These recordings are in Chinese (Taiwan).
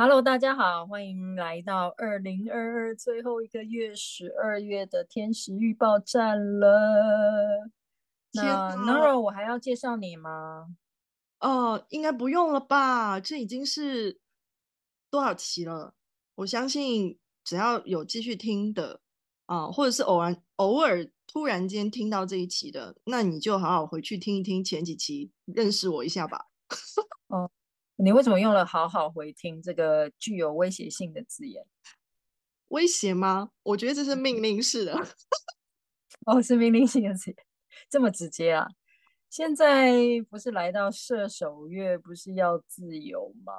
Hello，大家好，歡迎來到二零二二最後一個月十二月的天時預報站了。哪那 Nara，我還要介紹你嗎？哦、呃，應該不用了吧？這已經是多少期了？我相信，只要有繼續聽的啊、呃，或者是偶然偶爾突然間聽到這一期的，那你就好好回去聽一聽前幾期，認識我一下吧。哦、嗯。你為什麼用了“好好回聽”這個具有威脅性的字眼？威脅嗎？我覺得這是命令式的。 哦，是命令性的字眼。這麼直接啊！現在不是來到射手月，不是要自由嗎？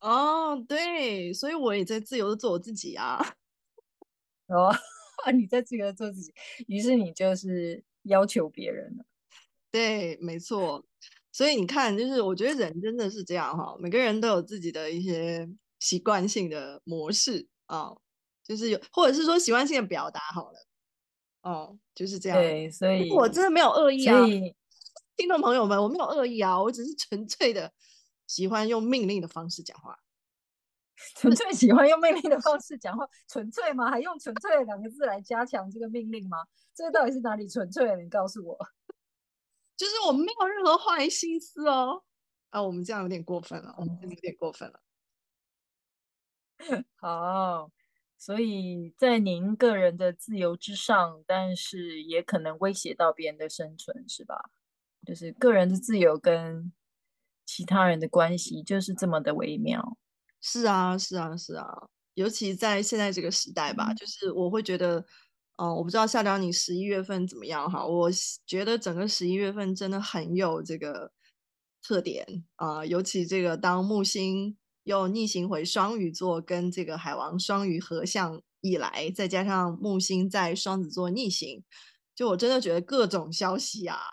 哦，對，所以我也在自由的做我自己啊。 哦啊，你在自由的做自己，於是你就是要求別人了。對，沒錯。所以你看，就是我覺得人真的是這樣哈，每個人都有自己的一些習慣性的模式啊、哦，就是有，或者是說習慣性的表達好了，哦，就是這樣。對，所以我真的沒有惡意啊，以聽眾朋友們，我沒有惡意啊，我只是純粹的喜歡用命令的方式講話，純粹喜歡用命令的方式講話，純 粹嗎？還用“純粹”的兩個字來加強這個命令嗎？ 這個到底是哪裡純粹的？你告訴我。就是我們沒有任何壞心思哦，啊，我們這樣有點過分了，我們真的有點過分了。 好，所以在您個人的自由之上，但是也可能威脅到別人的生存，是吧？就是個人的自由跟其他人的關係就是這麼的微妙。是啊，是啊，是啊，尤其在現在這個時代吧，就是我會覺得。哦、嗯，我不知道校長你十一月份怎麼樣哈？我覺得整個十一月份真的很有這個特點啊、呃，尤其這個當木星又逆行回雙魚座，跟這個海王雙魚合相以來，再加上木星在雙子座逆行，就我真的覺得各種消息呀、啊，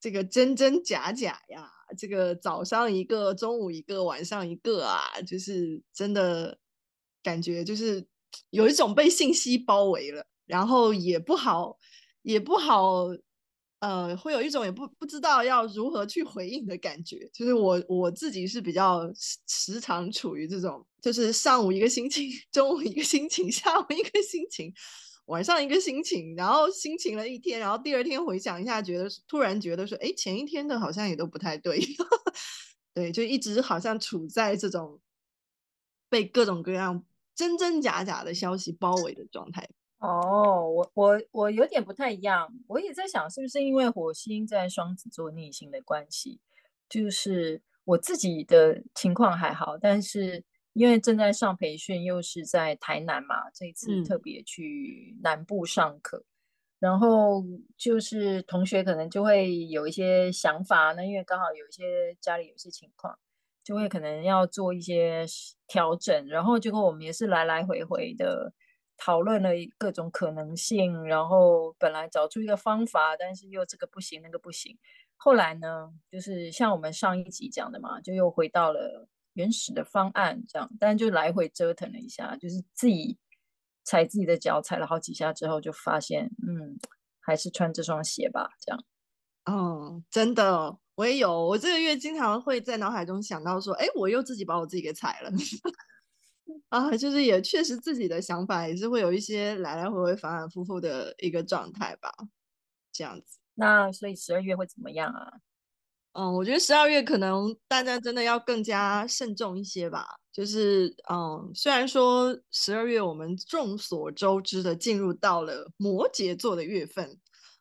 這個真真假假呀，這個早上一個，中午一個，晚上一個啊，就是真的感覺就是有一種被信息包圍了。然後也不好，也不好，呃，會有一種也不不知道要如何去回應的感覺。就是我我自己是比較時常處於這種，就是上午一個心情，中午一個心情，下午一個心情，晚上一個心情，然後心情了一天，然後第二天回想一下，覺得突然覺得說，哎，前一天的好像也都不太對， 對，就一直好像處在這種被各種各樣真真假假的消息包圍的狀態。哦，我我我有點不太一樣，我也在想是不是因為火星在雙子座逆行的關係，就是我自己的情況還好，但是因為正在上培訓，又是在台南嘛，這一次特別去南部上課，嗯、然後就是同學可能就會有一些想法，那因為剛好有一些家裡有些情況，就會可能要做一些調整，然後結果我們也是來來回回的。討論了各種可能性，然後本來找出一個方法，但是又這個不行那個不行。後來呢，就是像我們上一集講的嘛，就又回到了原始的方案這樣，但就來回折騰了一下，就是自己踩自己的腳踩了好幾下之後，就發現嗯，還是穿這雙鞋吧這樣。哦、嗯，真的，我也有，我這個月經常會在腦海中想到說，哎，我又自己把我自己給踩了。 啊，就是也確實自己的想法也是會有一些來來回回、反反复复的一個狀態吧，這樣子。那所以十二月會怎麼樣啊？嗯，我覺得十二月可能大家真的要更加慎重一些吧。就是嗯，雖然說十二月我們眾所周知的進入到了摩羯座的月份，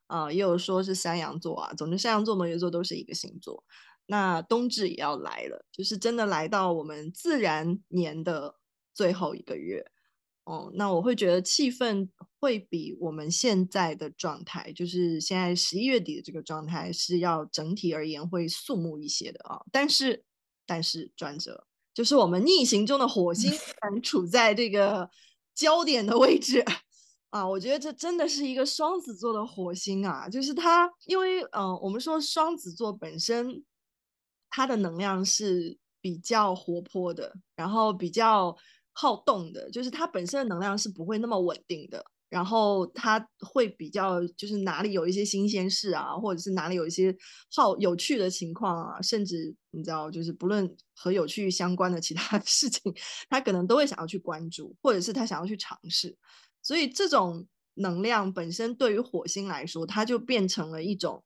啊、嗯，也有說是山羊座啊。總之，山羊座、摩羯座都是一個星座。那冬至也要來了，就是真的來到我們自然年的。最後一個月，嗯，那我會覺得氣氛會比我們現在的狀態，就是現在十一月底的這個狀態，是要整體而言會肅穆一些的啊。但是，但是轉折就是我們逆行中的火星，嗯，處在這個焦點的位置 啊，我覺得這真的是一個雙子座的火星啊，就是它，因為嗯，我們說雙子座本身它的能量是比較活潑的，然後比較。好動的，就是它本身的能量是不會那麼穩定的，然後它會比較就是哪裡有一些新鮮事啊，或者是哪裡有一些好有趣的情況啊，甚至你知道，就是不論和有趣相關的其他事情，他可能都會想要去關注，或者是他想要去嘗試。所以這種能量本身對於火星來說，它就變成了一種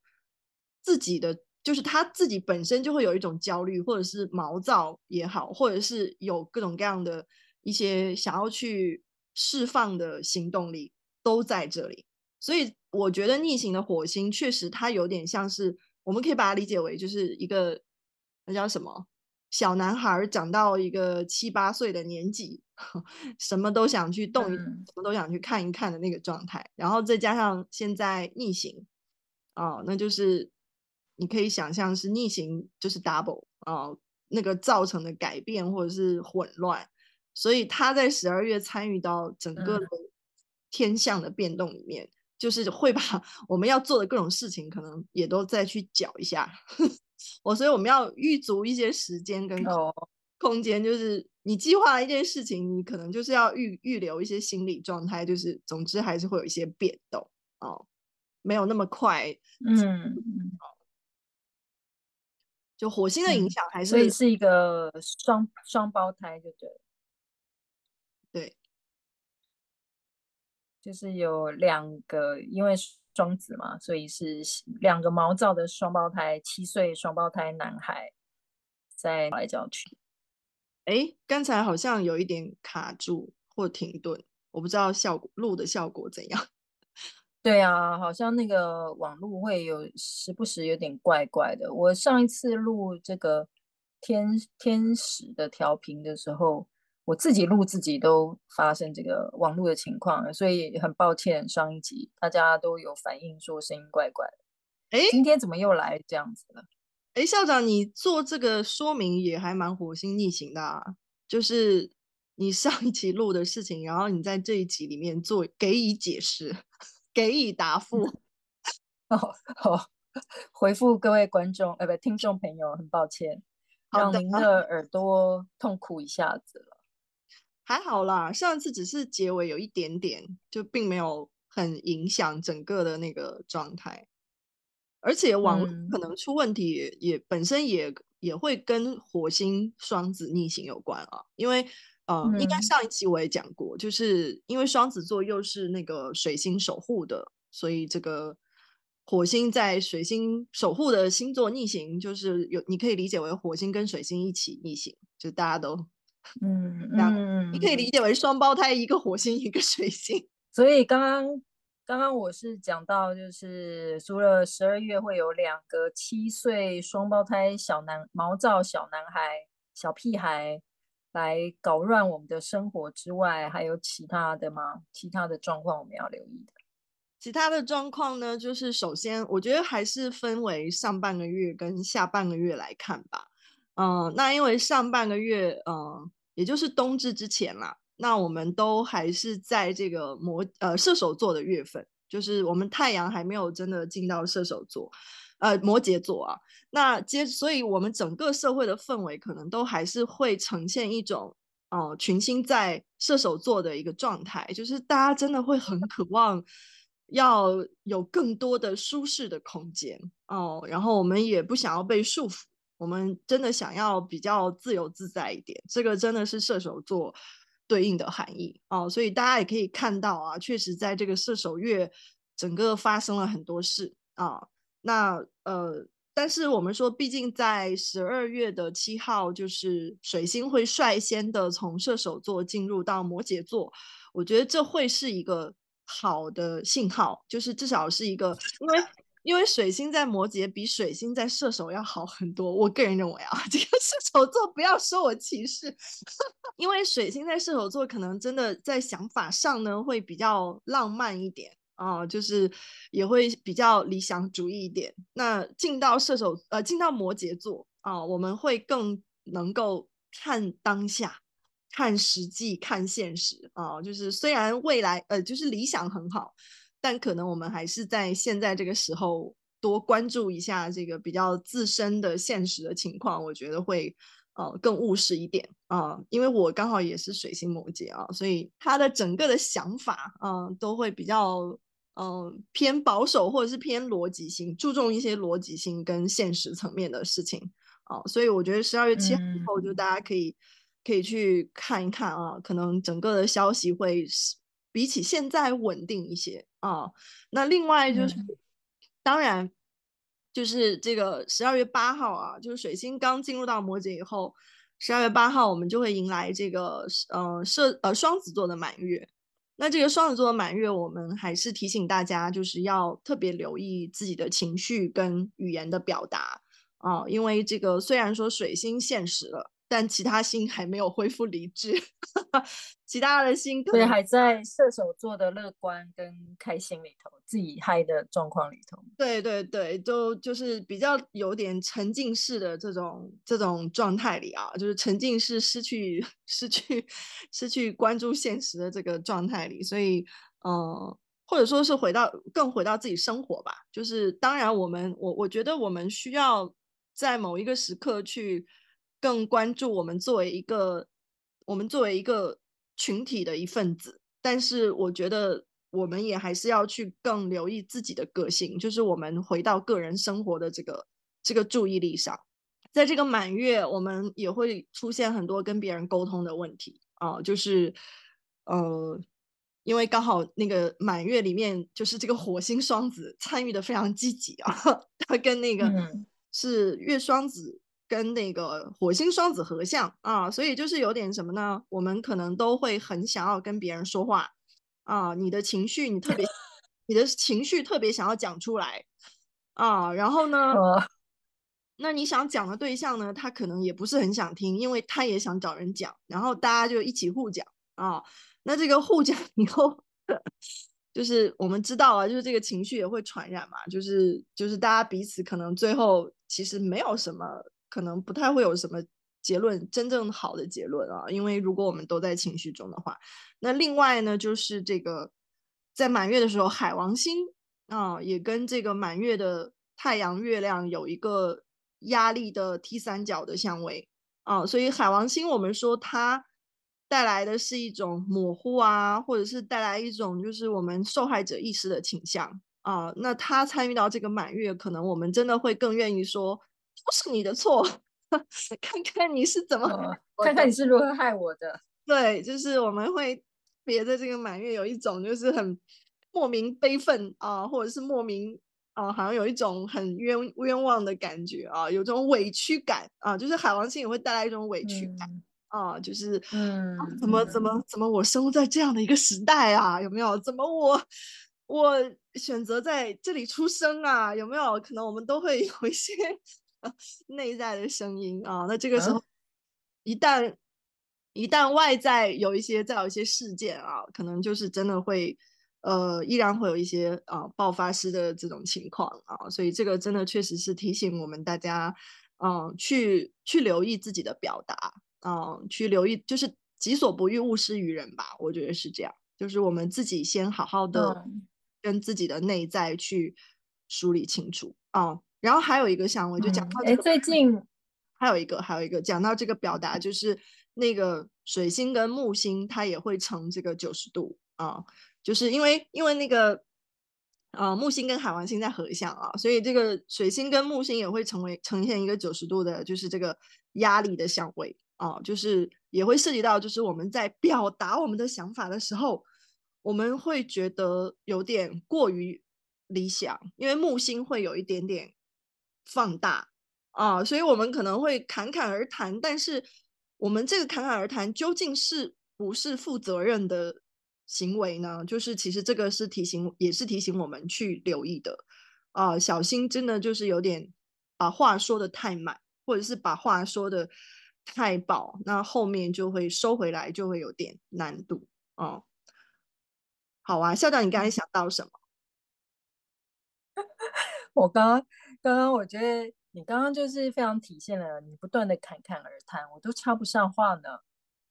自己的，就是他自己本身就會有一種焦慮，或者是毛躁也好，或者是有各種各樣的。一些想要去釋放的行動力都在這裡，所以我覺得逆行的火星確實它有點像是，我們可以把它理解為就是一個那叫什麼？小男孩長到一個七八歲的年紀，什麼都想去動一動，什麼都想去看一看的那個狀態。然後再加上現在逆行，哦，那就是你可以想象是逆行就是 double 哦，那個造成的改變或者是混亂。所以他在十二月參與到整個的天象的變動裡面，嗯、就是會把我們要做的各種事情，可能也都再去攪一下。我 所以我們要預足一些時間跟空間，哦、就是你計劃一件事情，你可能就是要預預留一些心理狀態。就是總之還是會有一些變動哦，沒有那麼快。嗯，就火星的影響還是、嗯、所以是一個雙雙胞胎，就對。對，就是有兩個，因為雙子嘛，所以是兩個毛躁的雙胞胎，七歲雙胞胎男孩在跑來跑去。哎，剛才好像有一點卡住或停頓，我不知道效果錄的效果怎樣？對啊，好像那個網路會有時不時有點怪怪的。我上一次錄這個天天使的調頻的時候。我自己錄自己都發生這個網路的情況，所以很抱歉，上一集大家都有反映說聲音怪怪的。哎、欸，今天怎麼又來這樣子了？哎、欸，校長，你做這個說明也還蠻火星逆行的啊，就是你上一集錄的事情，然後你在這一集裡面做給以解釋，給以答覆、嗯。哦，好、哦，回覆各位觀眾，呃、欸，不，聽眾朋友，很抱歉讓您的耳朵痛苦一下子。還好啦，上次只是結尾有一點點，就並沒有很影響整個的那個狀態。而且網、嗯、可能出問題也，也本身也也會跟火星雙子逆行有關啊。因為呃，嗯、應該上一期我也講過，就是因為雙子座又是那個水星守護的，所以這個火星在水星守護的星座逆行，就是有你可以理解為火星跟水星一起逆行，就大家都。嗯，嗯， 你可以理解為雙胞胎，一個火星，一個水星。嗯嗯嗯。所以剛剛剛剛我是講到，就是除了十二月會有兩個七歲雙胞胎小男毛躁小男孩、小屁孩來搞亂我們的生活之外，還有其他的嗎？其他的狀況我們要留意的？其他的狀況呢？就是首先，我覺得還是分為上半個月跟下半個月來看吧。嗯、呃，那因為上半個月，嗯、呃，也就是冬至之前啦，那我們都還是在這個摩呃射手座的月份，就是我們太陽還沒有真的進到射手座，呃，摩羯座啊。那接，所以我們整個社會的氛圍可能都還是會呈現一種哦、呃，群星在射手座的一個狀態，就是大家真的會很渴望要有更多的舒適的空間哦、呃，然後我們也不想要被束縛。我們真的想要比較自由自在一點，這個真的是射手座對應的含義哦，啊，所以大家也可以看到啊，確實在這個射手月整個發生了很多事啊。那呃，但是我們說，畢竟在十二月的七號，就是水星會率先的從射手座進入到摩羯座，我覺得這會是一個好的信號，就是至少是一個，因為。因為水星在摩羯比水星在射手要好很多，我個人認為啊，這個射手座不要說我歧視， 因為水星在射手座可能真的在想法上呢會比較浪漫一點啊、哦，就是也會比較理想主義一點。那進到射手，呃，進到摩羯座啊、哦，我們會更能夠看當下、看實際、看現實啊、哦，就是雖然未來呃，就是理想很好。但可能我們還是在現在這個時候多關注一下這個比較自身的現實的情況，我覺得會呃更務實一點啊、呃。因為我剛好也是水星摩羯啊，所以他的整個的想法啊、呃、都會比較嗯、呃、偏保守，或者是偏邏輯性，注重一些邏輯性跟現實層面的事情啊、呃。所以我覺得十二月七號以後，就大家可以、嗯、可以去看一看啊，可能整個的消息會是。比起現在穩定一些啊，那另外就是，嗯、當然就是這個十二月八號啊，就是水星剛進入到摩羯以後，十二月八號我們就會迎來這個呃射呃雙子座的滿月。那這個雙子座的滿月，我們還是提醒大家，就是要特別留意自己的情緒跟語言的表達啊，因為這個雖然說水星現實了。但其他星還沒有恢復理智， 其他的星可能還在射手座的樂觀跟開心裡頭，自己嗨的狀況裡頭。對對對，都就是比較有點沉浸式的這種這種狀態裡啊,就是沉浸式失去失去失去，失去關注現實的這個狀態裡，所以嗯、呃，或者說是回到更回到自己生活吧。就是當然我，我們我我覺得我們需要在某一個時刻去。更關注我們作為一個我們作為一個群體的一份子，但是我覺得我們也還是要去更留意自己的個性，就是我們回到個人生活的這個這個注意力上。在這個滿月，我們也會出現很多跟別人溝通的問題啊，就是呃，因為剛好那個滿月裡面，就是這個火星雙子參與得非常積極啊，他跟那個是月雙子。嗯跟那個火星雙子合相啊，所以就是有點什麼呢？我們可能都會很想要跟別人說話啊，你的情緒你特別， 你的情緒特別想要講出來啊，然後呢， 那你想講的對象呢，他可能也不是很想聽，因為他也想找人講，然後大家就一起互講啊。那這個互講以後， 就是我們知道啊，就是這個情緒也會傳染嘛，就是就是大家彼此可能最後其實沒有什麼。可能不太會有什麼結論，真正好的結論啊，因為如果我們都在情緒中的話，那另外呢，就是這個在滿月的時候，海王星啊、哦，也跟這個滿月的太陽月亮有一個壓力的 T 三角的相位啊、哦，所以海王星我們說它帶來的是一種模糊啊，或者是帶來一種就是我們受害者意識的傾向啊、哦，那他參與到這個滿月，可能我們真的會更願意說。都是你的錯，看看你是怎麼、哦，看看你是如何害我的。對，就是我們會別的這個滿月有一種就是很莫名悲憤啊、呃，或者是莫名啊、呃，好像有一種很冤冤枉的感覺啊、呃，有種委屈感啊、呃，就是海王星也會帶來一種委屈感啊、嗯呃，就是嗯、啊，怎麼怎麼怎麼我生活在這樣的一個時代啊，有沒有？怎麼我我選擇在這裡出生啊，有沒有？可能我們都會有一些。內在的聲音啊，那這個時候一旦、啊、一旦外在有一些再有一些事件啊，可能就是真的會呃，依然會有一些啊、呃、爆發式的這種情況啊，所以這個真的確實是提醒我們大家，嗯、呃，去去留意自己的表達，嗯、呃，去留意就是己所不欲勿施於人吧，我覺得是這樣，就是我們自己先好好的跟自己的內在去梳理清楚、嗯、啊。然後還有一個相位，就講到這個。哎、嗯，最近還有一個，還有一個講到這個表達，就是那個水星跟木星，它也會成這個九十度啊，就是因為因為那個呃、啊、木星跟海王星在合相啊，所以這個水星跟木星也會成為呈現一個九十度的，就是這個壓力的相位啊，就是也會涉及到，就是我們在表達我們的想法的時候，我們會覺得有點過於理想，因為木星會有一點點。放大啊，所以我們可能會侃侃而談，但是我們這個侃侃而談究竟是不是負責任的行為呢？就是其實這個是提醒，也是提醒我們去留意的啊，小心真的就是有點把話說得太滿，或者是把話說得太飽，那後面就會收回來就會有點難度啊。好啊，校長，你剛才想到什麼？ 我剛剛。剛剛我覺得你剛剛就是非常體現了你不斷的侃侃而談，我都插不上話呢。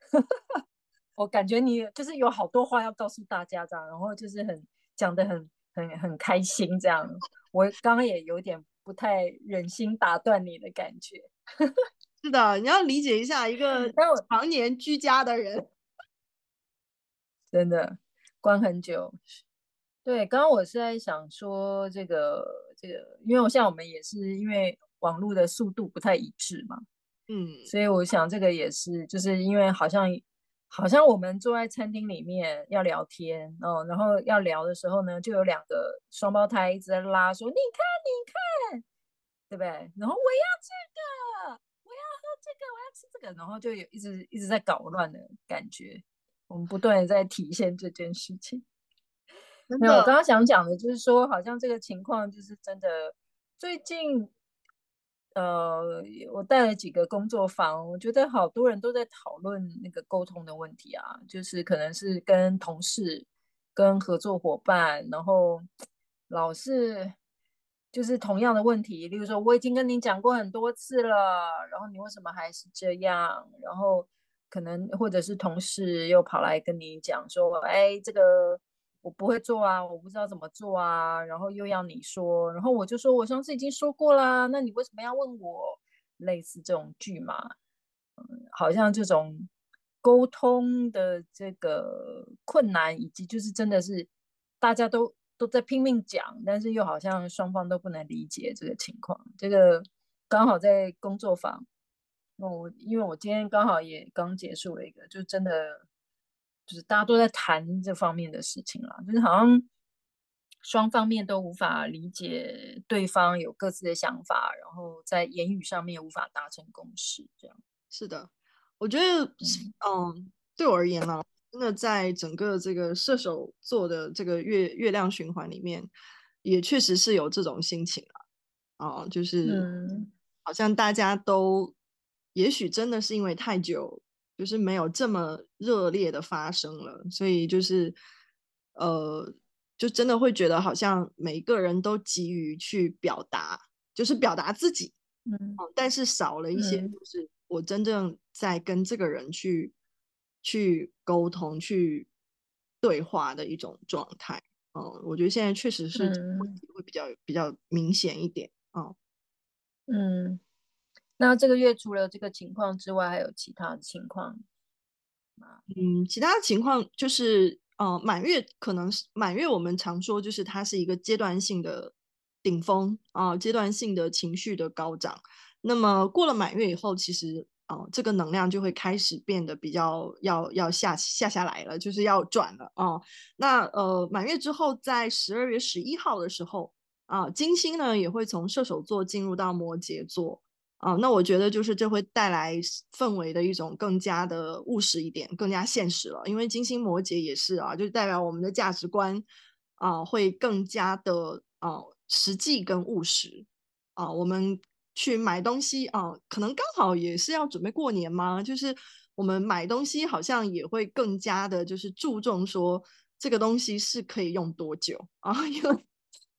我感覺你就是有好多話要告訴大家，這樣，然後就是很講的很很很開心這樣。我剛剛也有點不太忍心打斷你的感覺。 是的，你要理解一下一個常年居家的人， 真的關很久。對，剛剛我是在想說這個這個，因為我現在我們也是因為網絡的速度不太一致嘛，嗯，所以我想這個也是，就是因為好像好像我們坐在餐廳裡面要聊天哦，然後要聊的時候呢，就有兩個雙胞胎一直在拉說，你看你看，對不對？然後我要這個，我要喝這個，我要吃這個，然後就有一直一直在搞亂的感覺，我們不斷的在體現這件事情。 那我剛剛想講的就是說，好像這個情況就是真的。最近，呃，我帶了幾個工作坊，我覺得好多人都在討論那個溝通的問題啊，就是可能是跟同事、跟合作夥伴，然後老是就是同樣的問題。例如說，我已經跟你講過很多次了，然後你為什麼還是這樣？然後可能或者是同事又跑來跟你講說，哎，這個。我不會做啊，我不知道怎麼做啊，然後又要你說，然後我就說，我上次已經說過啦，那你為什麼要問我？類似這種句嘛，嗯，好像這種溝通的這個困難，以及就是真的是大家都都在拼命講，但是又好像雙方都不能理解這個情況。這個剛好在工作坊，我因為我今天剛好也剛結束了一個，就真的。就是大家都在談這方面的事情啦，就是好像雙方面都無法理解對方，有各自的想法，然後在言語上面無法達成共識，這樣。是的，我覺得，嗯，嗯，對我而言呢、啊，真的在整個這個射手座的這個月月亮循環裡面，也確實是有這種心情啊。哦、嗯，就是、嗯、好像大家都，也許真的是因為太久。就是沒有這麼熱烈的發生了，所以就是，呃，就真的會覺得好像每個人都急於去表達，就是表達自己，嗯，嗯，但是少了一些，就是我真正在跟這個人去、嗯、去溝通、去對話的一種狀態。嗯，我覺得現在確實是問題會比較、嗯、比較明顯一點嗯。嗯那這個月除了這個情況之外，還有其他情況嗎？嗯，其他情況就是，呃，滿月可能是滿月，我們常說就是它是一個階段性的頂峰啊、呃，階段性的情緒的高漲。那麼過了滿月以後，其實哦、呃，這個能量就會開始變得比較要要下下下來了，就是要轉了啊、呃，那呃，滿月之後，在十二月十一號的時候啊、呃，金星呢也會從射手座進入到摩羯座。啊、哦，那我覺得就是這會帶來氛圍的一種更加的務實一點，更加現實了。因為金星摩羯也是啊，就代表我們的價值觀啊、呃、會更加的啊、呃、實際跟務實啊、呃。我們去買東西啊、呃，可能剛好也是要準備過年嘛，就是我們買東西好像也會更加的，就是注重說這個東西是可以用多久啊，因為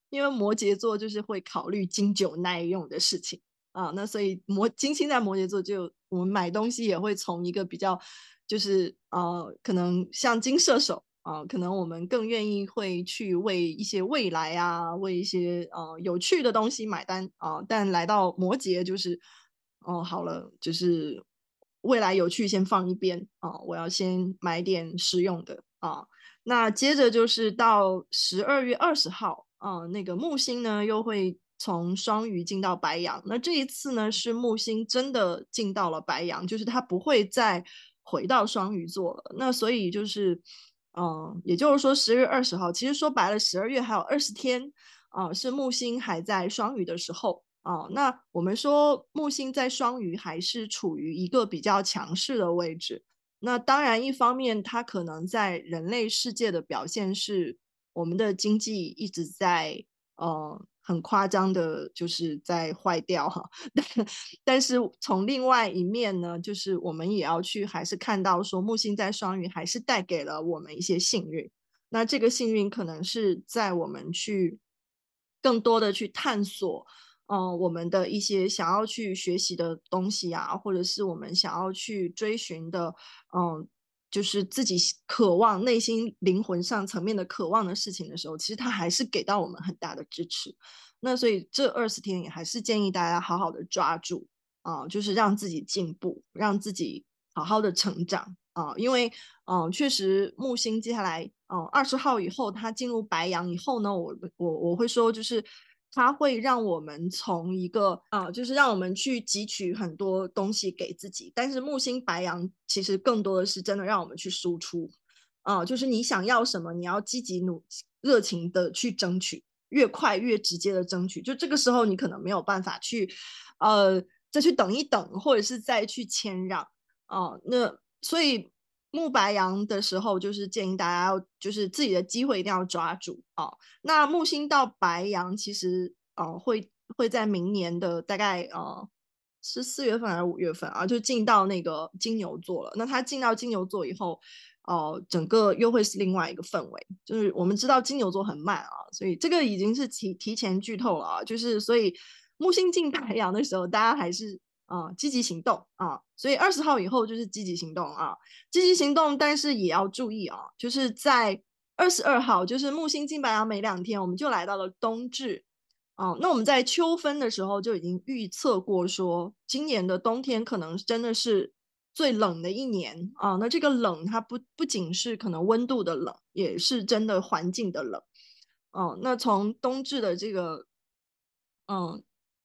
因為摩羯座就是會考慮經久耐用的事情。啊，那所以摩金星在摩羯座，就我們買東西也會從一個比較，就是呃，可能像金射手啊、呃，可能我們更願意會去為一些未來啊，為一些呃有趣的東西買單啊、呃。但來到摩羯，就是哦、呃，好了，就是未來有趣先放一邊啊、呃，我要先買點實用的啊、呃。那接着就是到十二月二十號啊、呃，那個木星呢又會。從雙魚進到白羊，那這一次呢是木星真的進到了白羊，就是它不會再回到雙魚座了。那所以就是，嗯，也就是說，十月二十號，其實說白了，十二月還有二十天，啊、嗯，是木星還在雙魚的時候啊、嗯。那我們說木星在雙魚還是處於一個比較強勢的位置。那當然，一方面它可能在人類世界的表現是我們的經濟一直在，嗯。很誇張的，就是在壞掉哈，但是從另外一面呢，就是我們也要去，還是看到說木星在雙魚還是帶給了我們一些幸運。那這個幸運可能是在我們去更多的去探索，嗯、呃，我們的一些想要去學習的東西呀、啊，或者是我們想要去追尋的，嗯、呃。就是自己渴望內心靈魂上層面的渴望的事情的時候，其實它還是給到我們很大的支持。那所以這二十天也還是建議大家好好的抓住啊、呃，就是讓自己進步，讓自己好好的成長啊、呃。因為嗯、呃，確實木星接下來嗯二十號以後它進入白羊以後呢，我我我會說就是。它會讓我們從一個啊、呃，就是讓我們去汲取很多東西給自己。但是木星白羊其實更多的是真的讓我們去輸出，啊、呃，就是你想要什麼，你要積極努熱情的去爭取，越快越直接的爭取。就這個時候，你可能沒有辦法去，呃，再去等一等，或者是再去謙讓啊、呃。那所以。木白羊的時候，就是建議大家要，就是自己的機會一定要抓住啊。那木星到白羊，其實呃、啊、會會在明年的大概呃是四月份還是五月份啊，就進到那個金牛座了。那它進到金牛座以後，哦，整個又會是另外一個氛圍，就是我們知道金牛座很慢啊，所以這個已經是提提前劇透了啊。就是所以木星進白羊的時候，大家還是。啊，積極行動啊！所以二十號以後就是積極行動啊，積極行動，但是也要注意啊，就是在二十二號，就是木星進白羊沒兩天，我們就來到了冬至啊。那我們在秋分的時候就已經預測過，說今年的冬天可能真的是最冷的一年啊。那這個冷，它不不僅是可能溫度的冷，也是真的環境的冷。哦、啊，那從冬至的這個，嗯、啊。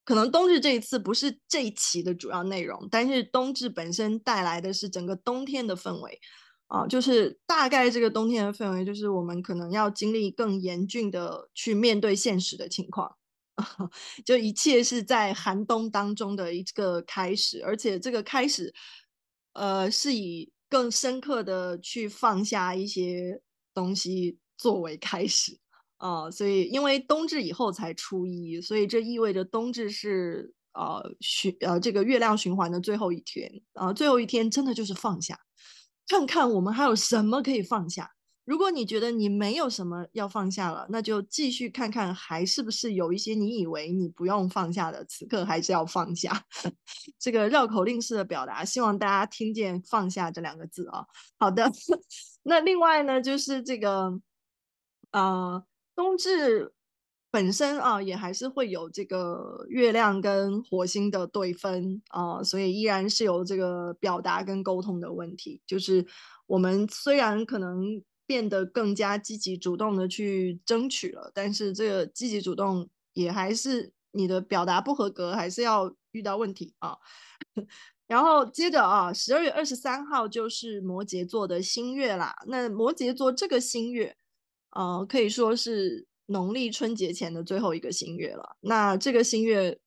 可能冬至這一次不是這一期的主要內容，但是冬至本身帶來的是整個冬天的氛圍，啊，就是大概這個冬天的氛圍，就是我們可能要經歷更嚴峻的去面對現實的情況，啊，就一切是在寒冬當中的一個開始，而且這個開始，呃，是以更深刻的去放下一些東西作為開始。啊、哦，所以因為冬至以後才初一，所以這意味着冬至是呃循呃這個月亮循環的最後一天啊、呃，最後一天真的就是放下，看看我們還有什麼可以放下。如果你覺得你沒有什麼要放下了，那就繼續看看還是不是有一些你以為你不用放下的，此刻還是要放下。 這個繞口令式的表達，希望大家聽見“放下”這兩個字啊、哦。好的，那另外呢就是這個，呃。冬至本身啊，也還是會有這個月亮跟火星的對分啊，所以依然是有這個表達跟溝通的問題。就是我們雖然可能變得更加積極主動的去爭取了，但是這個積極主動也還是你的表達不合格，還是要遇到問題啊。然後接着啊，十二月二十三號就是摩羯座的新月啦。那摩羯座這個新月。啊、呃，可以說是農曆春節前的最後一個星月了。那這個星月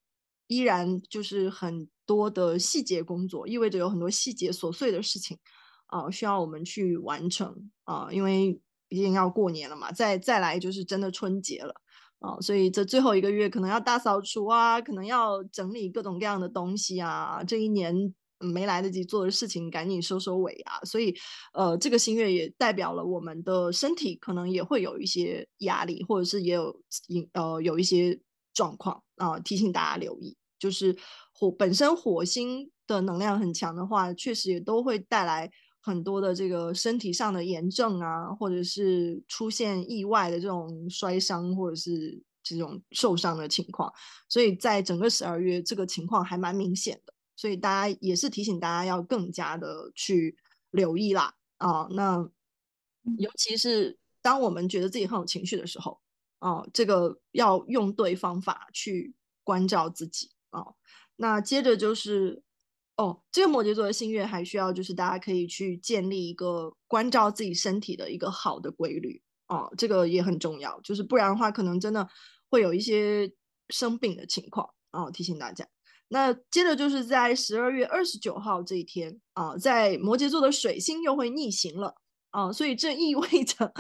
依然就是很多的細節工作，意味着有很多細節瑣碎的事情啊、呃，需要我們去完成啊、呃。因為畢竟要過年了嘛，再再來就是真的春節了啊、呃，所以這最後一個月可能要大掃除啊，可能要整理各種各樣的東西啊。這一年。沒來得及做的事情，趕緊收收尾啊！所以，呃，這個新月也代表了我們的身體可能也會有一些壓力，或者是也有引呃有一些狀況啊，呃，提醒大家留意。就是火本身火星的能量很強的話，確實也都會帶來很多的這個身體上的炎症啊，或者是出現意外的這種摔傷或者是這種受傷的情況。所以在整個十二月，這個情況還蠻明顯的。所以大家也是提醒大家要更加的去留意啦啊，那尤其是當我們覺得自己很有情緒的時候啊，這個要用對方法去關照自己啊。那接着就是哦，這個摩羯座的心願還需要就是大家可以去建立一個關照自己身體的一個好的規律啊，這個也很重要，就是不然的話可能真的會有一些生病的情況啊，提醒大家。那接着就是在十二月二十九號這一天啊，在摩羯座的水星又會逆行了啊，所以這意味着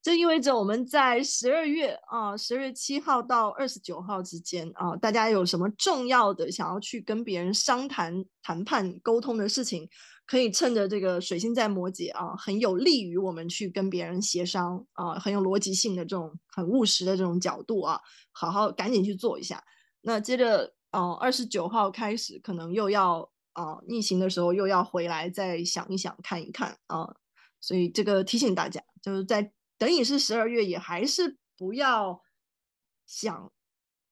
這意味着我們在十二月啊，十二月七號到二十九號之間啊，大家有什麼重要的想要去跟別人商談談判溝通的事情，可以趁着這個水星在摩羯啊，很有利於我們去跟別人協商啊，很有邏輯性的這種很務實的這種角度啊，好好趕緊去做一下。那接着。哦，二十九號開始，可能又要啊、嗯，逆行的時候又要回來，再想一想，看一看啊、嗯，所以這個提醒大家，就是在等於是十二月，也還是不要想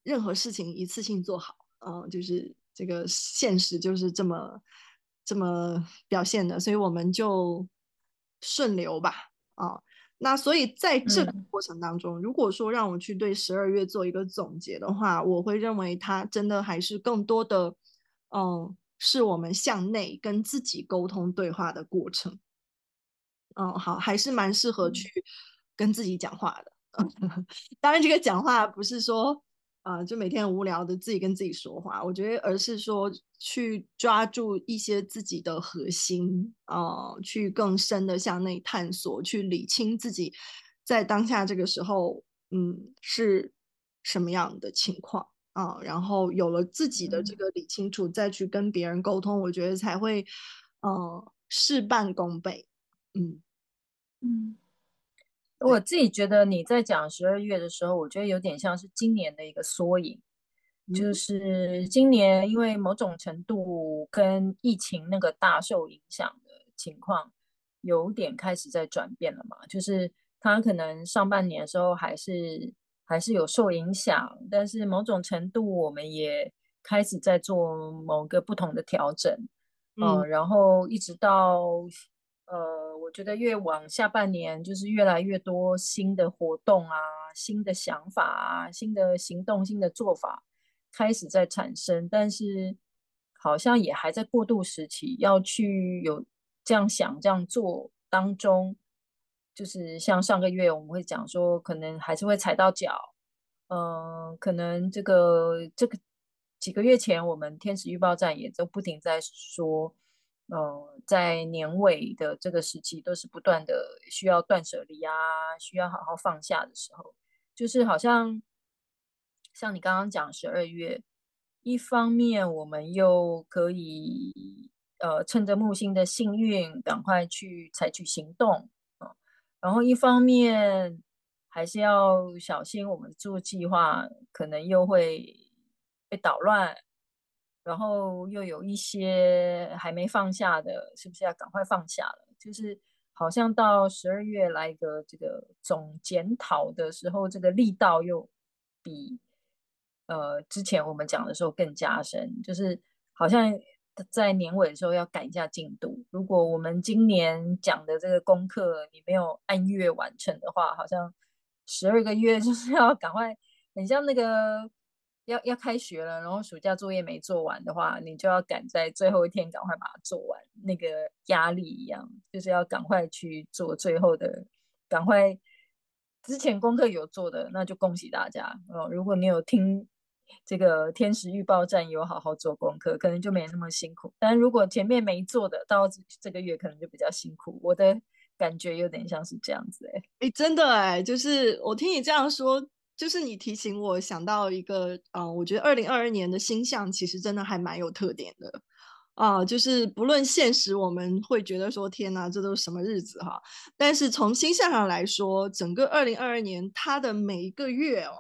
任何事情一次性做好，啊、嗯，就是這個現實就是這麼這麼表現的，所以我們就順流吧，啊、嗯。那所以在這個過程當中，嗯、如果說讓我去對十二月做一個總結的話，我會認為它真的還是更多的，嗯，是我們向內跟自己溝通對話的過程。嗯，好，還是蠻適合去跟自己講話的。嗯嗯、當然，這個講話不是說。啊，就每天無聊的自己跟自己說話，我覺得而是說去抓住一些自己的核心啊，呃，去更深的向內探索，去理清自己在當下這個時候，嗯，是什麼樣的情況啊，然後有了自己的這個理清楚，嗯，再去跟別人溝通，我覺得才會，嗯，呃，事半功倍，嗯，嗯。我自己覺得你在講十二月的時候，我覺得有點像是今年的一個縮影，嗯、就是今年因為某種程度跟疫情那個大受影響的情況，有點開始在轉變了嘛。就是他可能上半年的時候還是還是有受影響，但是某種程度我們也開始在做某個不同的調整，嗯、呃，然後一直到呃。我覺得越往下半年，就是越來越多新的活動啊、新的想法啊、新的行動、新的做法開始在產生，但是好像也還在過渡時期，要去有這樣想、這樣做當中，就是像上個月我們會講說，可能還是會踩到腳，嗯、呃，可能這個這個幾個月前，我們天時預報站也都不停在說。呃，在年尾的這個時期，都是不斷的需要斷舍離啊，需要好好放下的時候，就是好像像你剛剛講十二月，一方面我們又可以呃趁着木星的幸運，趕快去採取行動，呃，然後一方面還是要小心，我們做計劃可能又會被搗亂。然後又有一些還沒放下的，是不是要趕快放下了？就是好像到十二月來的這個總檢討的時候，這個力道又比呃之前我們講的時候更加深，就是好像在年尾的時候要趕一下進度。如果我們今年講的這個功課你沒有按月完成的話，好像十二個月就是要趕快，很像那個。要要開學了，然後暑假作業沒做完的話，你就要趕在最後一天趕快把它做完。那個壓力一樣，就是要趕快去做最後的，趕快。之前功課有做的，那就恭喜大家哦。如果你有聽這個天時預報站有好好做功課，可能就沒那麼辛苦。但如果前面沒做的，到這個月可能就比較辛苦。我的感覺有點像是這樣子、欸，哎哎、欸，真的哎、欸，就是我聽你這樣說。就是你提醒我想到一個啊、呃，我覺得二零二二年的星象其實真的還蠻有特點的啊、呃，就是不論現實，我們會覺得說天吶，這都是什麼日子哈。但是從星象上來說，整個二零二二年它的每一個月哦，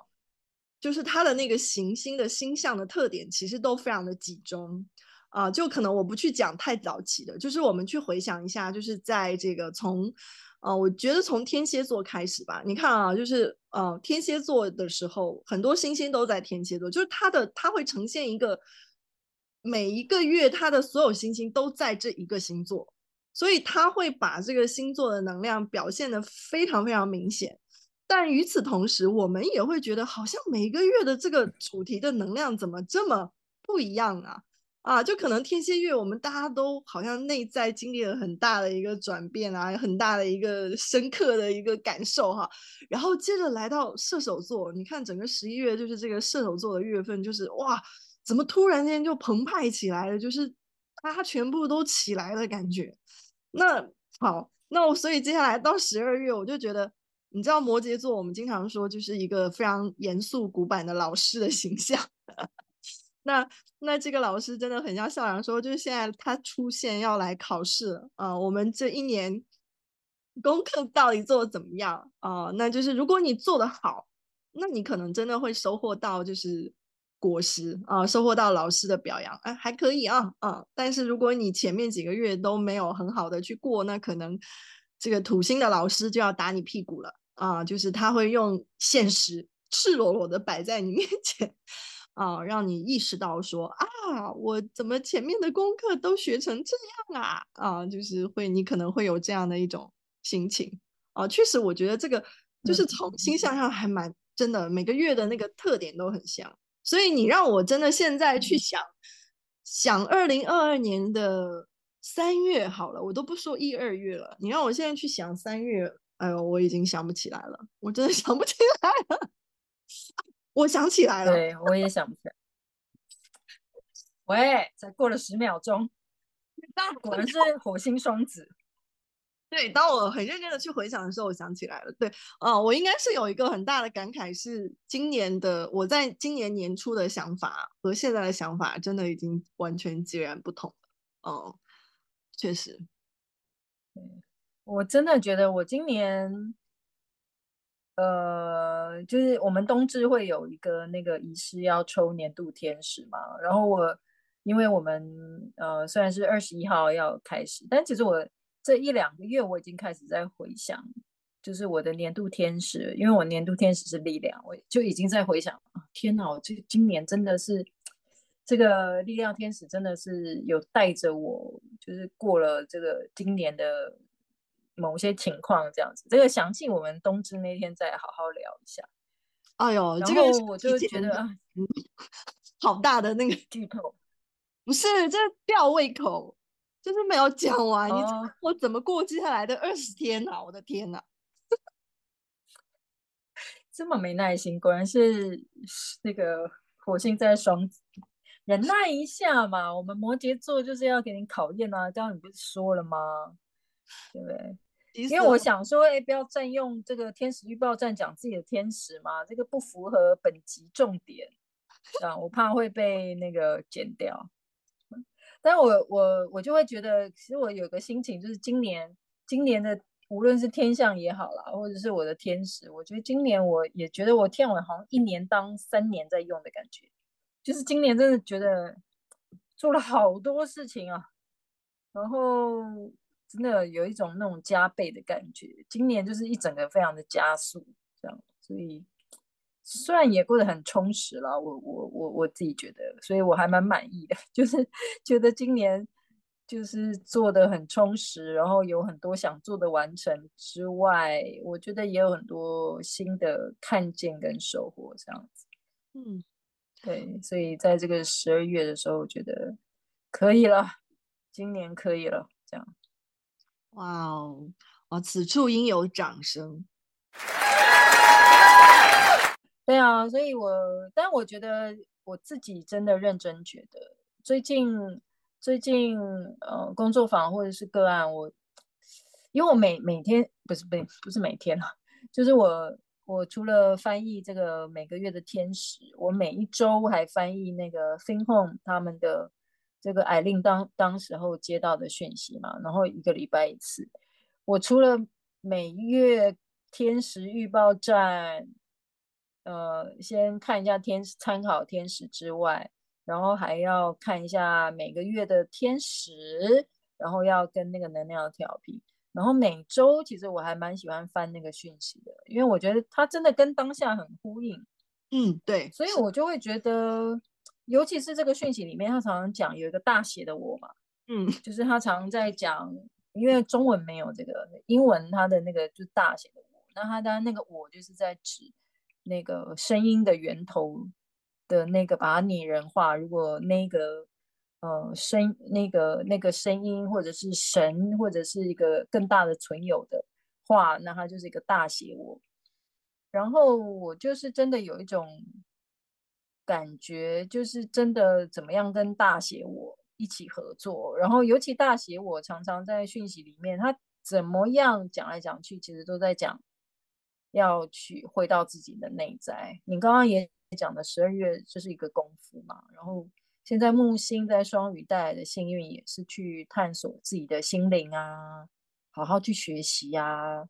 就是它的那個行星的星象的特點，其實都非常的集中啊、呃。就可能我不去講太早期的，就是我們去回想一下，就是在這個從啊、哦，我覺得從天蠍座開始吧。你看啊，就是呃，天蠍座的時候，很多星星都在天蠍座，就是它的它會呈現一個每一個月它的所有星星都在這一個星座，所以它會把這個星座的能量表現得非常非常明顯。但與此同時，我們也會覺得好像每個月的這個主題的能量怎麼這麼不一樣啊？啊，就可能天蠍月，我們大家都好像內在經歷了很大的一個轉變啊，很大的一個深刻的一個感受哈、啊。然後接着來到射手座，你看整個十一月就是這個射手座的月份，就是哇，怎麼突然間就澎湃起來了，就是大家全部都起來的感覺。那好，那我所以接下來到十二月，我就覺得，你知道摩羯座，我們經常說就是一個非常嚴肅、古板的老師的形象。那那這個老師真的很像校長說，就是現在他出現要來考試了啊，我們這一年功課到底做得怎麼樣啊？那就是如果你做得好，那你可能真的會收穫到就是果實啊，收穫到老師的表揚，哎、啊，還可以啊啊！但是如果你前面幾個月都沒有很好的去過，那可能這個土星的老師就要打你屁股了啊！就是他會用現實赤裸裸地擺在你面前。啊、哦，讓你意識到說啊，我怎麼前面的功課都學成這樣啊？啊，就是會你可能會有這樣的一種心情啊、哦。確實，我覺得這個就是從心向上還蠻真的，每個月的那個特點都很像。所以你讓我真的現在去想、嗯、想二零二二年的三月好了，我都不說一、二月了。你讓我現在去想三月，哎呦，我已經想不起來了，我真的想不起來了。 我想起來了，對，我也想不起來。 喂，才過了十秒鐘，那果然是火星雙子。對，當我很認真的去回想的時候，我想起來了。對，呃、哦，我應該是有一個很大的感慨，是今年的我在今年年初的想法和現在的想法真的已經完全截然不同了。嗯，確實，我真的覺得我今年。呃，就是我們冬至會有一個那個儀式，要抽年度天使嘛。然後我，因為我們呃，雖然是二十一號要開始，但其實我這一兩個月我已經開始在回想，就是我的年度天使，因為我年度天使是力量，我就已經在回想，天哪，這今年真的是這個力量天使真的是有帶着我，就是過了這個今年的。某些情況這樣子，這個詳細我們冬至那天再好好聊一下。哎呦，這個我就覺得、啊、好大的那個劇透，不巧是這吊胃口，就是沒有講完。啊、你我怎麼過接下來的二十天啊？我的天啊， 這麼沒耐心，果然是那個火星在雙子，忍耐一下嘛。我們摩羯座就是要給你考驗啊，這樣你不是說了嗎？對不對？其實，因為我想說，哎，不要占用這個天時預報站講自己的天使嘛，這個不符合本集重點啊，我怕會被那個剪掉。但我我我就會覺得，其實我有個心情，就是今年今年的無論是天象也好啦，或者是我的天使，我覺得今年我也覺得我天文好像一年當三年在用的感覺，就是今年真的覺得做了好多事情啊，然後。真的有一種那種加倍的感覺，今年就是一整個非常的加速這樣，所以雖然也過得很充實啦，我我我我自己覺得，所以我還蠻滿意的，就是覺得今年就是做的很充實，然後有很多想做的完成之外，我覺得也有很多新的看見跟收穫這樣子。嗯，對，所以在這個十二月的時候，我覺得可以了，今年可以了，這樣。哇哦！Wow, 此處應有掌聲。對啊，所以我，但我覺得我自己真的認真覺得，最近最近，呃，工作坊或者是個案，我因為我每每天不是不是不是每天了，就是我我除了翻譯這個每個月的天使，我每一周還翻譯那個 Sing Home 他們的。這個艾琳當當時候接到的訊息嘛，然後一個禮拜一次。我除了每月天時預報站，呃，先看一下天參考天時之外，然後還要看一下每個月的天時，然後要跟那個能量調頻。然後每周其實我還蠻喜歡翻那個訊息的，因為我覺得它真的跟當下很呼應。嗯，對，所以我就會覺得。尤其是這個訊息裡面，他常常講有一個大寫的我嘛，嗯，就是他常在講，因為中文沒有這個，英文它的那個就是大寫的我，那他當然那個我就是在指那個聲音的源頭的那個把它擬人化，如果那個呃聲那個那個聲音或者是神或者是一個更大的存有的話，那他就是一個大寫我，然後我就是真的有一種。感覺就是真的怎麼樣跟大寫我一起合作，然後尤其大寫我常常在訊息裡面，他怎麼樣講來講去，其實都在講要去回到自己的內在。你剛剛也講的十二月就是一個功夫嘛，然後現在木星在雙魚帶來的幸運也是去探索自己的心靈啊，好好去學習啊。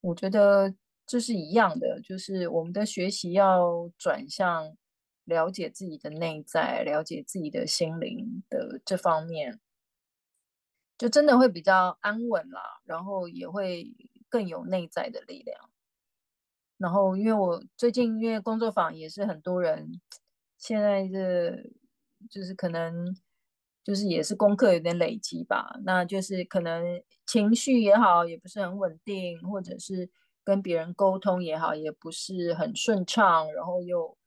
我覺得這是一樣的，就是我們的學習要轉向。了解自己的內在，了解自己的心靈的這方面，就真的會比較安穩啦。然後也會更有內在的力量。然後，因為我最近因為工作坊也是很多人，現在的就是可能就是也是功課有點累積吧，那就是可能情緒也好，也不是很穩定，或者是跟別人溝通也好，也不是很順暢，然後又。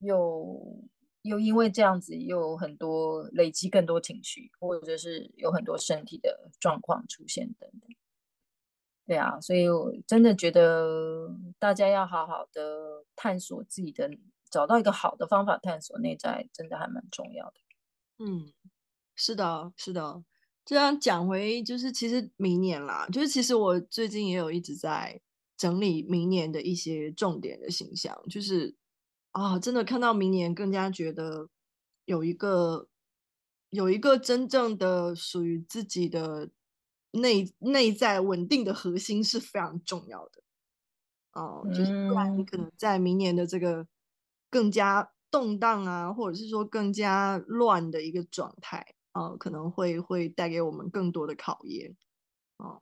又又因為這樣子，又有很多累積更多情緒，或者是有很多身體的狀況出現等等。對啊，所以我真的覺得大家要好好的探索自己的，找到一個好的方法探索內在，真的還蠻重要的。嗯，是的，是的。這樣講回就是，其實明年啦，就是其實我最近也有一直在整理明年的一些重點的形象，就是。啊、哦，真的看到明年更加覺得有一個有一個真正的屬於自己的內內在穩定的核心是非常重要的。哦，就是不然你可能在明年的這個更加動盪啊，或者是說更加亂的一個狀態啊、哦，可能會會帶給我們更多的考驗。哦，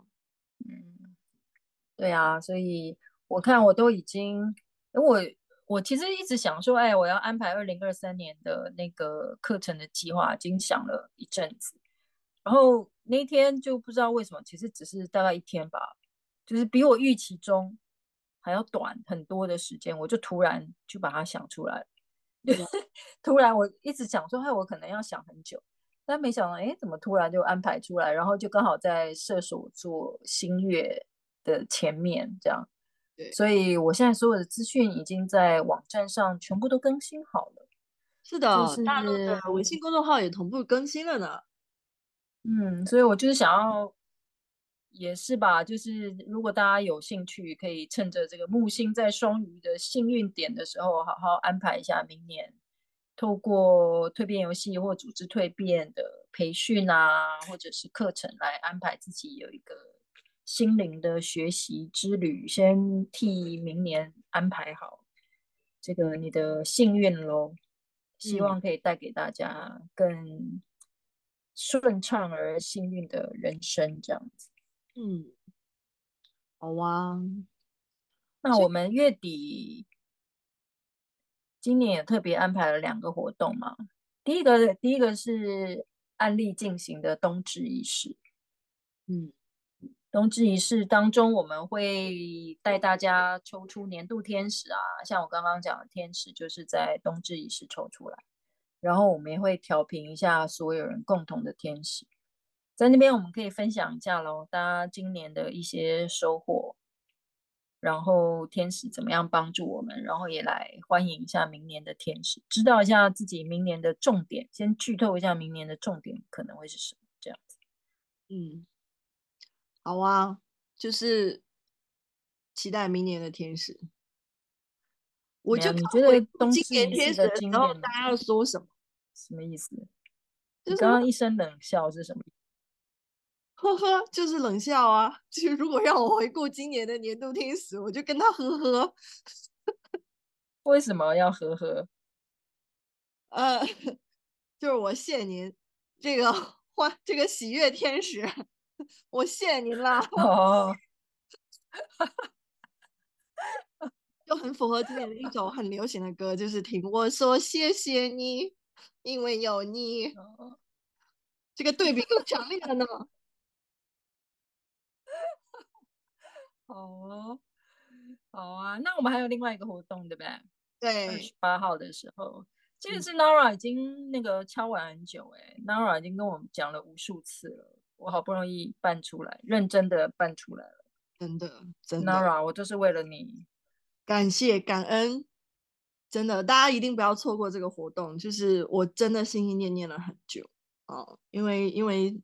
嗯、對啊，所以我看我都已經，哎，我。我其實一直想說，哎，我要安排二零二三年的那個課程的計劃，已經想了一陣子。然後那一天就不知道為什麼，其實只是大概一天吧，就是比我預期中還要短很多的時間，我就突然就把它想出來。啊、 突然我一直想說，哎，我可能要想很久，但沒想到，哎，怎麼突然就安排出來？然後就剛好在射手座新月的前面，這樣。對，所以我現在所有的資訊已經在網站上全部都更新好了。是的，就是大陸的微信公眾號也同步更新了呢。嗯，所以我就是想要，也是吧，就是如果大家有興趣，可以趁着這個木星在雙魚的幸運點的時候，好好安排一下明年，透過蛻變遊戲或組織蛻變的培訓啊，或者是課程來安排自己有一個。心靈的學習之旅，先替明年安排好這個你的幸運咯，嗯、希望可以帶給大家更順暢而幸運的人生，這樣子。嗯，好啊。那我們月底今年也特別安排了兩個活動嘛，第一個第一個是案例進行的冬至儀式，嗯。冬至儀式當中，我們會帶大家抽出年度天使啊，像我剛剛講的，天使就是在冬至儀式抽出來，然後我們也會調頻一下所有人共同的天使，在那邊我們可以分享一下嘍，大家今年的一些收穫，然後天使怎麼樣幫助我們，然後也來歡迎一下明年的天使，知道一下自己明年的重點，先劇透一下明年的重點可能會是什麼，這樣子，嗯。好啊，就是期待明年的天使。啊、我就覺得今年天使，覺得然後大家要說什麼？什麼意思？就是剛剛一聲冷笑是什麼？呵呵，就是冷笑啊。就是如果讓我回顧今年的年度天使，我就跟他呵呵。 為什麼要呵呵？呃，就是我謝您這個歡這個喜悅天使。 我謝，謝你啦哦，oh. 就很符合今年的一種很流行的歌，就是聽我說謝謝你，因為有你，oh. 這個對比更強烈了呢。哦、oh. 好啊，那我們還有另外一個活動對不對？對，八號的時候，這個是 Nara 已經那個敲碗很久哎、欸 mm hmm.，Nara 已經跟我們講了無數次了。我好不容易辦出來，認真的辦出來了，真的，真的，Nara，我就是為了你，感謝感恩，真的，大家一定不要錯過這個活動，就是我真的心心念念了很久，哦，因為因為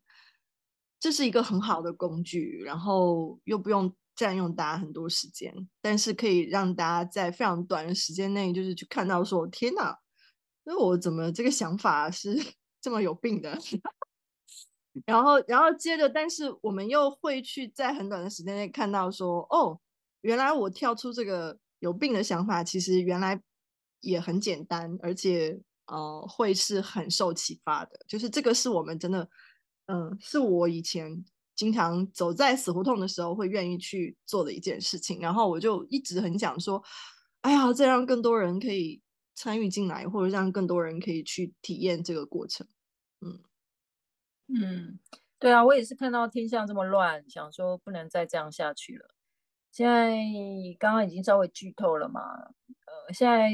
這是一個很好的工具，然後又不用佔用大家很多時間，但是可以讓大家在非常短的時間內，就是去看到說，天哪，那我怎麼這個想法是這麼有病的？ 然後，然後接着，但是我們又會去在很短的時間內看到說，哦，原來我跳出這個有病的想法，其實原來也很簡單，而且呃，會是很受啟發的。就是這個是我們真的，嗯、呃，是我以前經常走在死胡同的時候會願意去做的一件事情。然後我就一直很想說，哎呀，這讓更多人可以參與進來，或者讓更多人可以去體驗這個過程，嗯。嗯，對啊，我也是看到天象這麼亂，想說不能再這樣下去了。現在剛剛已經稍微劇透了嘛，呃，現在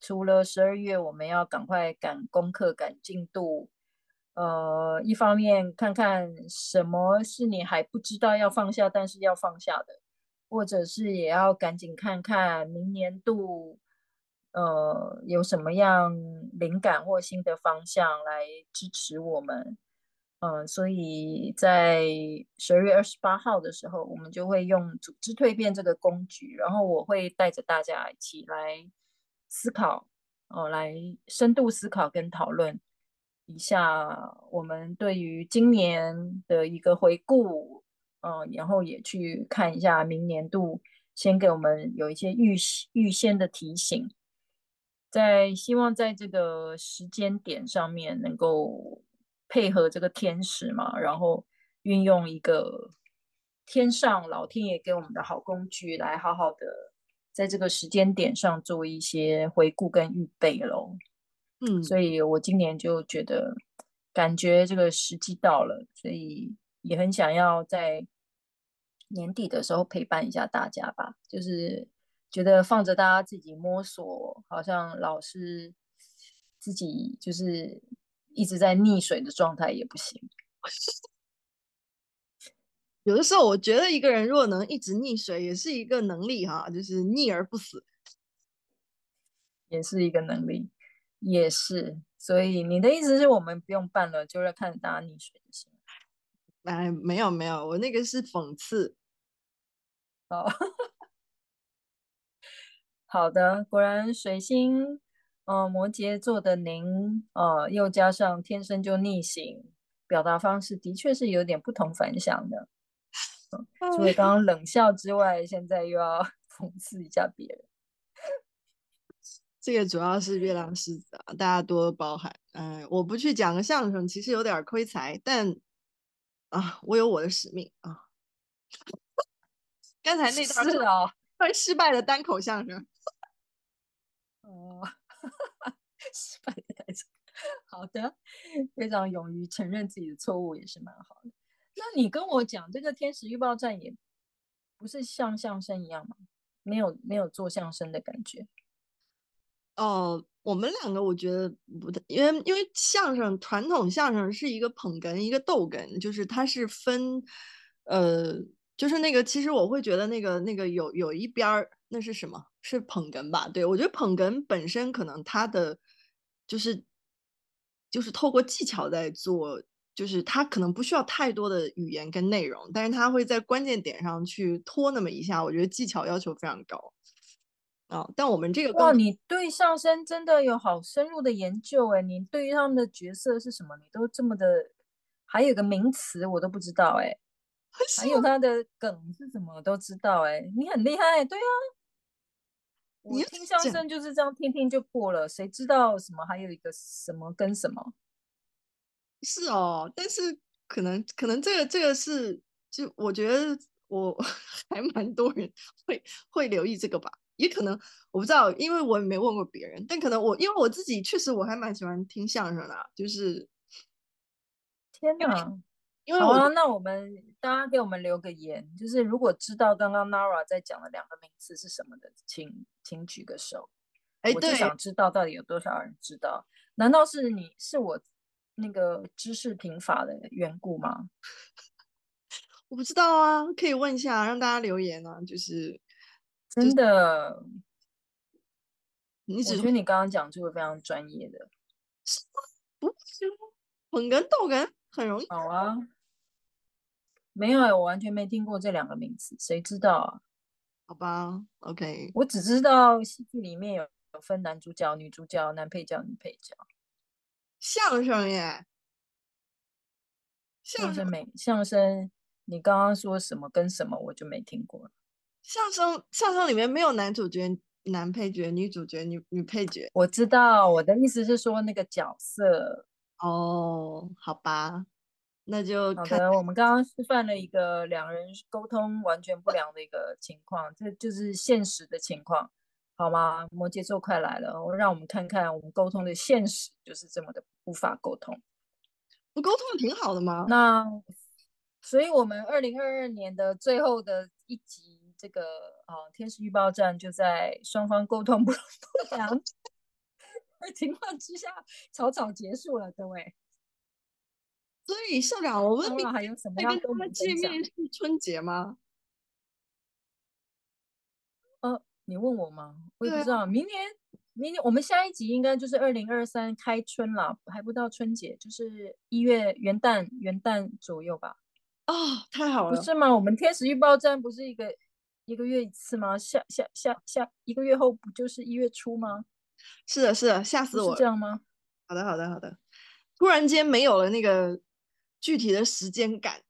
除了十二月，我們要趕快趕功課、趕進度。呃，一方面看看什麼是你還不知道要放下，但是要放下的，或者是也要趕緊看看明年度，呃，有什麼樣靈感或新的方向來支持我們。嗯、呃，所以在十二月二十八號的時候，我們就會用組織蛻變這個工具，然後我會帶着大家一起來思考，哦、呃，來深度思考跟討論一下我們對於今年的一個回顧，嗯、呃，然後也去看一下明年度，先給我們有一些預預先的提醒，在希望在這個時間點上面能夠。配合這個天使嘛，然後運用一個天上老天爺給我們的好工具，來好好的在這個時間點上做一些回顧跟預備咯，嗯，所以我今年就覺得感覺這個時機到了，所以也很想要在年底的時候陪伴一下大家吧。就是覺得放着大家自己摸索，好像老師自己就是。一直在溺水的狀態也不行。 有的時候，我覺得一個人如果能一直溺水，也是一個能力哈，就是溺而不死，也是一個能力，也是。所以你的意思是我們不用辦了，就是看大家溺水就行。哎，沒有沒有，我那個是諷刺。哦， 好的，果然水星。哦，摩羯座的您，呃、哦，又加上天生就逆行，表達方式的確是有點不同凡響的。除了剛剛冷笑之外， 現在又要諷刺一下別人。這個主要是月亮獅子啊，大家多包涵。哎，我不去講個相聲，其實有點虧才，但啊，我有我的使命啊。 剛才那段是啊，快失，失敗的單口相聲。 哦。失敗的孩子。 好的，非常勇於承認自己的錯誤也是蠻好的。那你跟我講，這個天時預報站也不是像相聲一樣嗎？沒有沒有做相聲的感覺。哦，我們兩個我覺得不太，因為因為相聲傳統相聲是一個捧哏一個逗哏，就是它是分，呃，就是那個其實我會覺得那個那個有有一邊兒，那是什麼？是捧哏吧？對，我覺得捧哏本身可能它的。就是，就是透過技巧在做，就是他可能不需要太多的語言跟內容，但是他會在關鍵點上去拖那麼一下。我覺得技巧要求非常高啊。但我們這個哇，你對相聲真的有好深入的研究哎！你對於他們的角色是什麼，你都這麼的，還有個名詞我都不知道哎， 還有他的梗是什麼我都知道哎，你很厲害，對啊。我聽相聲就是這樣，聽聽就過了，誰知道什麼還有一個什麼跟什麼？是哦，但是可能可能這個這個是，就我覺得我還蠻多人會會留意這個吧，也可能我不知道，因為我也沒問過別人，但可能我因為我自己確實我還蠻喜歡聽相聲的，就是天哪！因為我要，啊，那我們大家給我們留個言，就是如果知道剛剛 Nara 在講的兩個名詞是什麼的，請請舉個手，哎誒，我就想知道到底有多少人知道？對難道是你是我那個知識貧乏的緣故嗎？我不知道啊，可以問一下，讓大家留言啊，就是真的，就是，你只覺你剛剛講這個非常專業的，什麼不學，捧哏逗哏。很容易啊，好啊，沒有、欸，我完全沒聽過這兩個名字，誰知道啊？好吧，OK，我只知道戲劇裡面有有分男主角、女主角、男配角、女配角。相聲耶，相聲我是沒相聲，你剛剛說什麼跟什麼我就沒聽過。相聲相聲裡面沒有男主角、男配角、女主角、女女配角。我知道，我的意思是說那個角色。哦，oh, 好吧，那就可能我們剛剛示範了一個兩人溝通完全不良的一個情況，這就是現實的情況，好嗎？摩羯座快來了，讓我們看看我們溝通的現實就是這麼的無法溝通。不溝通的挺好的嗎？那，所以，我們二零二二年的最後的一集這個啊，天時預報站就在雙方溝通不良。 情況之下草草結束了，各位。所以校長，我問你還有什麼要跟，跟他們見面？是春節嗎？呃、哦，你問我嗎？我也不知道。啊、明天，明年我們下一集應該就是二零二三開春了，還不到春節，就是一月元旦元旦左右吧。哦，太好了，不是嗎？我們天時預報站不是一個一個月一次嗎？下下下下一個月後不就是一月初嗎？是的，是的，嚇死我！是這樣嗎？好的，好的，好的。突然間沒有了那個具體的時間感。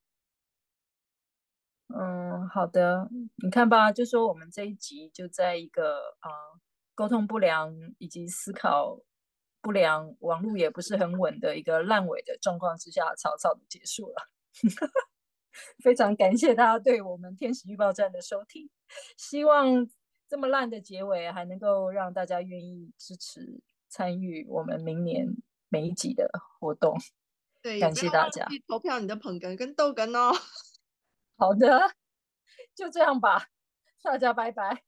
嗯，好的，你看吧，就說我們這一集就在一個啊、呃、溝通不良以及思考不良、網絡也不是很穩的一個爛尾的狀況之下，草草的結束了。 非常感謝大家對我們天時預報站的收聽，希望。這麼爛的結尾還能夠讓大家願意支持參與我們明年每一集的活動，對感謝大家投票你的捧哏跟逗哏哦。好的，就這樣吧，大家拜拜。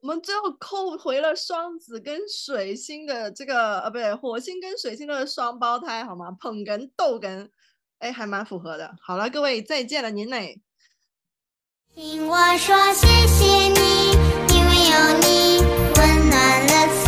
我們最後扣回了雙子跟水星的這個啊，不對，火星跟水星的雙胞胎好嗎？捧哏逗哏，哎，還蠻符合的。好了，各位再見了，您嘞。聽我說謝謝你。有你，溫暖了四季。